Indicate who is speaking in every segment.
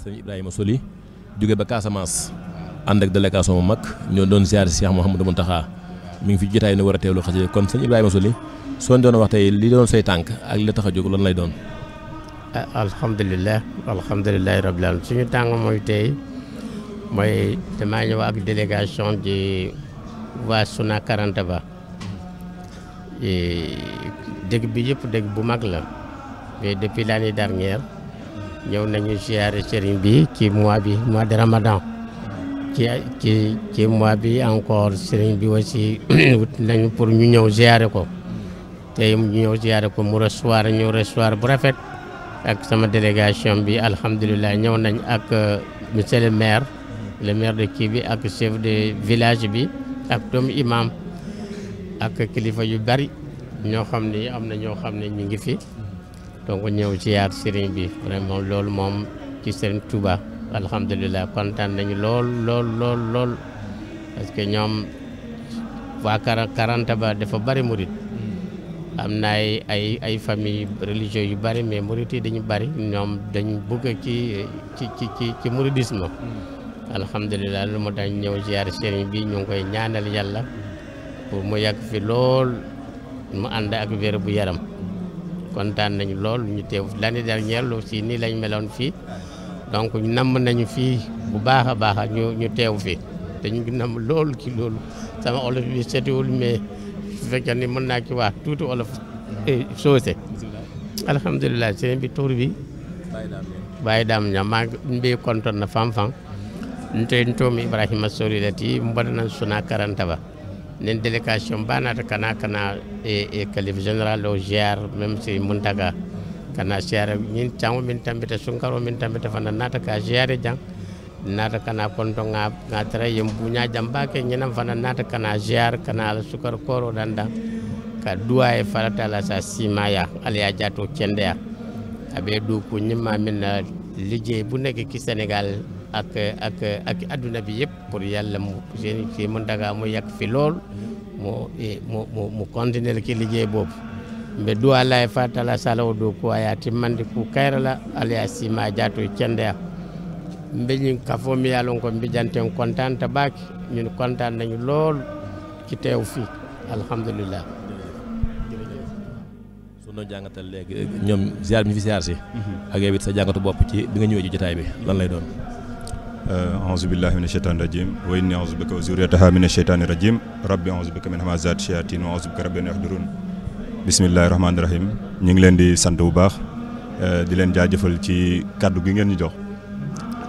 Speaker 1: sëñ Ibrahima Soli jóge ba Casamance ànd ak délégation bu mag ñoo doon ziar Cheikh Mouhamadou Mountakha mi ngi fi jotaay ne war a teewlu xasida kon sëñ Ibrahima Soli soo doon wax tey li doon say tànk ak li tax a jóg lay doon.
Speaker 2: Ah, alhamdulilah alhamdulilah rabbil alamin suñu tàng mooy tey mooy damaa ñëw ak délégation di waa Suna Karantaba eh, dëgg bi yëpp dëgg bu mag la mais depuis l'année dernière. ñëw nañu ziare sëriñ bi ci mois bi mois de ramadan ci ci ci mois bi encore sëriñ bi pour ñu ñëw ziare ko tey ñu ñëw ziare ko mu recevoir ñu recevoir bu rafet ak sama délégation bi alhamdulilah ñëw nañ ak euh, monsieur le maire le maire de kii bi ak chef de village bi ak doomu imam ak kilifa yu bari ñoo xam ne am na ñoo xam ne ñu ngi fi. donc ñëw ziar sëriñ bi vraiment loolu moom ci sëriñ Touba alhamdulilah kontaan nañu lool lool lool lool parce que ñoom waa Karanta ba dafa bari murit am na ay ay ay famille religieux yu bari mais murit yi dañu bari ñoom dañu bëgg ci ci ci ci ci muridisme alhamdulilah lu mu dañ ñëw ziar sëriñ bi ñu ngi koy ñaanal yàlla pour mu yàgg fi lool mu ànd ak wér bu yaram kontaan nañu lool ñu teew l'année dernière lu si nii lañ meloon fii donc namm nañu fii bu baax a baax ñu ñu teew fii te ñu ngi loolu ki loolu sama olof bi setiwul mais su fekkee mën naa ci wax tuuti olof eh, soose alhamdulilah sëriñ bi tuur bi bàyyi daam ña maa mbi kontoon na fanfan ntoy ntoom ibrahima sorilati mbaɗanan suna karanta ba nen délégation mbanata kana kana e, e calife général o gr même si muntaga kana siare ñin cango min tambita sunkaro min tambita fana nata ka siare jang nata kana konto nga nga tara yem buña jamba ke ñinam fana kana gr kana ala sukar koro danda ka duwa e farata la sa simaya ali ya jato kende ya abe du ko ñimma min ah, liggéey bu nekk ci Sénégal ak ak ak aduna bi yëpp pour yàlla mu seen si Mountaga mu yàgg fi lool mu e, mu mu mu ki liggéey boobu mbe du alaye fatala salawo dow ko aya timmande ku kayrala alaya sima jaato cendeya mbe ñin kafo mi yalon ko mbijanten kontaan ta baaki ñun kontaan nañu lool ci teew fii alhamdulilah su noo jàngatal léegi ñoom ziar bi ñu fi ziar si mhm.
Speaker 1: ak yow it sa jàngatu bopp ci bi nga ñëwee ji jotaay bi lan lay doon Euh, aouzu billahi min asheytaani rajim wa inni aouzu bika wa zuriyataha min asheytaani rajim rabbi aouzu bika min hamazaati shayatin wa aouzu bika rabbi an yahdurun bismillahi rahmaani rahim ñu ngi leen di sant bu baax euh, di leen jaajëfal ci kàddu gi ngeen ñu jox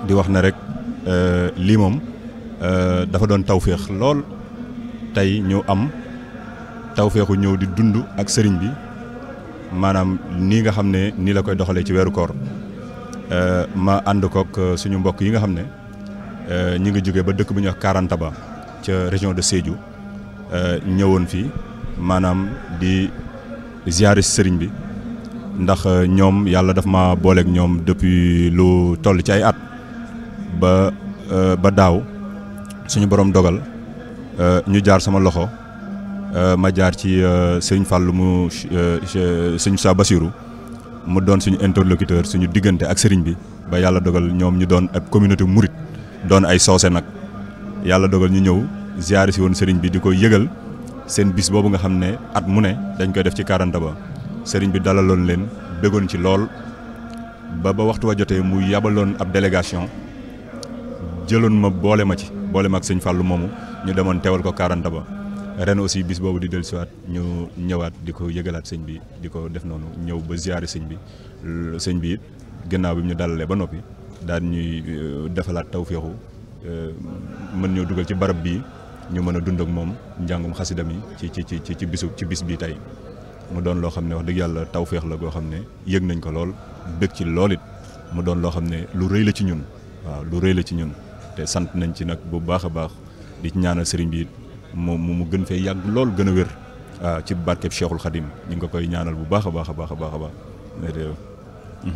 Speaker 1: di wax na rek euh, lii moom dafa doon tawféex lool tey ñu am tawféexu ñëw di dund ak sëriñ bi maanaam nii nga xam ne nii la koy doxalee ci weeru koor ma ànd kook suñu mbokk yi nga xam ne Euh, ñu ngi jógee ba dëkk bu ñuy wax ba ca région de Sédhiou euh, ñëwoon fii maanaam di ziare sëriñ bi ndax euh, ñoom yàlla daf ma booleek ñoom depuis lu toll ci ay at ba ba daaw suñu borom dogal ñu jaar sama loxo ma jaar ci sëriñ Fallou mu sëriñ Sa Basirou mu doon suñu interlocuteur suñu diggante ak sëriñ bi ba yàlla dogal ñoom ñu doon ab communauté mouride doon ay soose nag yàlla dogal ñu ñëw ziyaare si woon sëriñ bi di ko yëgal seen bis boobu nga xam ne at mu ne dañ koy def ci Karanta ba sëriñ bi dalaloon leen bëggoon ci lool ba ba waxtu wa jotee mu yabaloon ab délégation jëloon ma boole ma ci boole ma ak sëñ Fallou moomu ñu demoon teewal ko Karanta ba ren aussi bis boobu di dellusiwaat ñu ñëwaat di ko yëgalaat sëñ bi di ko def noonu ñëw ba ziyaare sëñ bi sëñ bi it gannaaw bi ñu dalalee ba noppi. daan ñuy euh, defalaat tawféexu euh, mën ñoo dugal ci barab bi ñu mën a dund ak moom njàngum xasida mi ci ci ci ci bisu ci bis bi tey mu doon loo xam ne wax dëgg yàlla tawféex la goo xam ne yëg nañ ko lool bëgg ci lool it mu doon loo xam ne lu rëy la ci ñun waaw lu rëy la ci ñun te sant nañ ci nag bu baax a baax di ci ñaanal sëriñ bi it mu mu gën fee yàgg lool gën a wér ci barkeb Cheikhul Khadim ñu ngi ko koy ñaanal bu a baax a baax a baax a baax.